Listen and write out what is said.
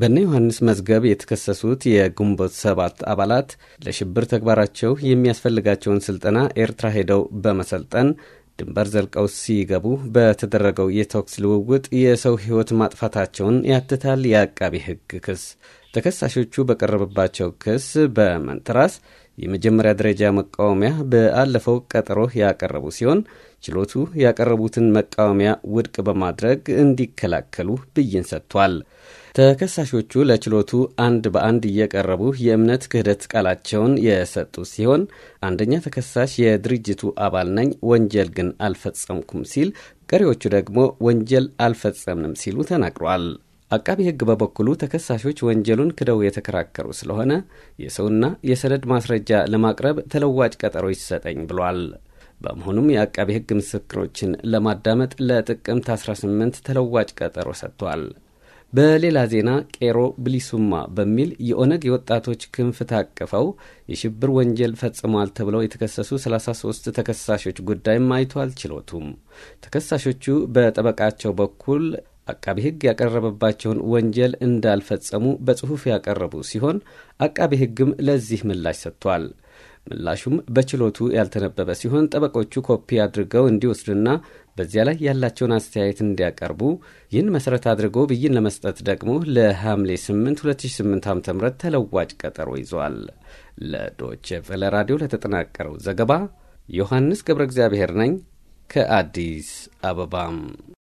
በእነ ዮሐንስ መዝገብ የተከሰሱት የግንቦት ሰባት አባላት ለሽብር ተግባራቸው የሚያስፈልጋቸውን ስልጠና ኤርትራ ሄደው በመሰልጠን ድንበር ዘልቀው ሲገቡ በተደረገው የተኩስ ልውውጥ የሰው ሕይወት ማጥፋታቸውን ያትታል የአቃቢ ሕግ ክስ። ተከሳሾቹ በቀረበባቸው ክስ በመንትራስ። የመጀመሪያ ደረጃ መቃወሚያ በአለፈው ቀጠሮ ያቀረቡ ሲሆን ችሎቱ ያቀረቡትን መቃወሚያ ውድቅ በማድረግ እንዲከላከሉ ብይን ሰጥቷል። ተከሳሾቹ ለችሎቱ አንድ በአንድ እየቀረቡ የእምነት ክህደት ቃላቸውን የሰጡ ሲሆን አንደኛ ተከሳሽ የድርጅቱ አባል ነኝ፣ ወንጀል ግን አልፈጸምኩም ሲል፣ ቀሪዎቹ ደግሞ ወንጀል አልፈጸምንም ሲሉ ተናግሯል። አቃቢ ሕግ በበኩሉ ተከሳሾች ወንጀሉን ክደው የተከራከሩ ስለሆነ የሰውና የሰነድ ማስረጃ ለማቅረብ ተለዋጭ ቀጠሮ ይሰጠኝ ብሏል። በመሆኑም የአቃቢ ሕግ ምስክሮችን ለማዳመጥ ለጥቅምት 18 ተለዋጭ ቀጠሮ ሰጥቷል። በሌላ ዜና ቄሮ ብሊሱማ በሚል የኦነግ የወጣቶች ክንፍ ታቅፈው የሽብር ወንጀል ፈጽሟል ተብለው የተከሰሱ 33 ተከሳሾች ጉዳይም አይቷል ችሎቱም ተከሳሾቹ በጠበቃቸው በኩል አቃቢ ሕግ ያቀረበባቸውን ወንጀል እንዳልፈጸሙ በጽሑፍ ያቀረቡ ሲሆን አቃቢ ሕግም ለዚህ ምላሽ ሰጥቷል። ምላሹም በችሎቱ ያልተነበበ ሲሆን ጠበቆቹ ኮፒ አድርገው እንዲወስዱና በዚያ ላይ ያላቸውን አስተያየት እንዲያቀርቡ ይህን መሠረት አድርጎ ብይን ለመስጠት ደግሞ ለሐምሌ 8 2008 ዓ ም ተለዋጭ ቀጠሮ ይዟል። ለዶች ቨለ ራዲዮ ለተጠናቀረው ዘገባ ዮሐንስ ገብረ እግዚአብሔር ነኝ ከአዲስ አበባም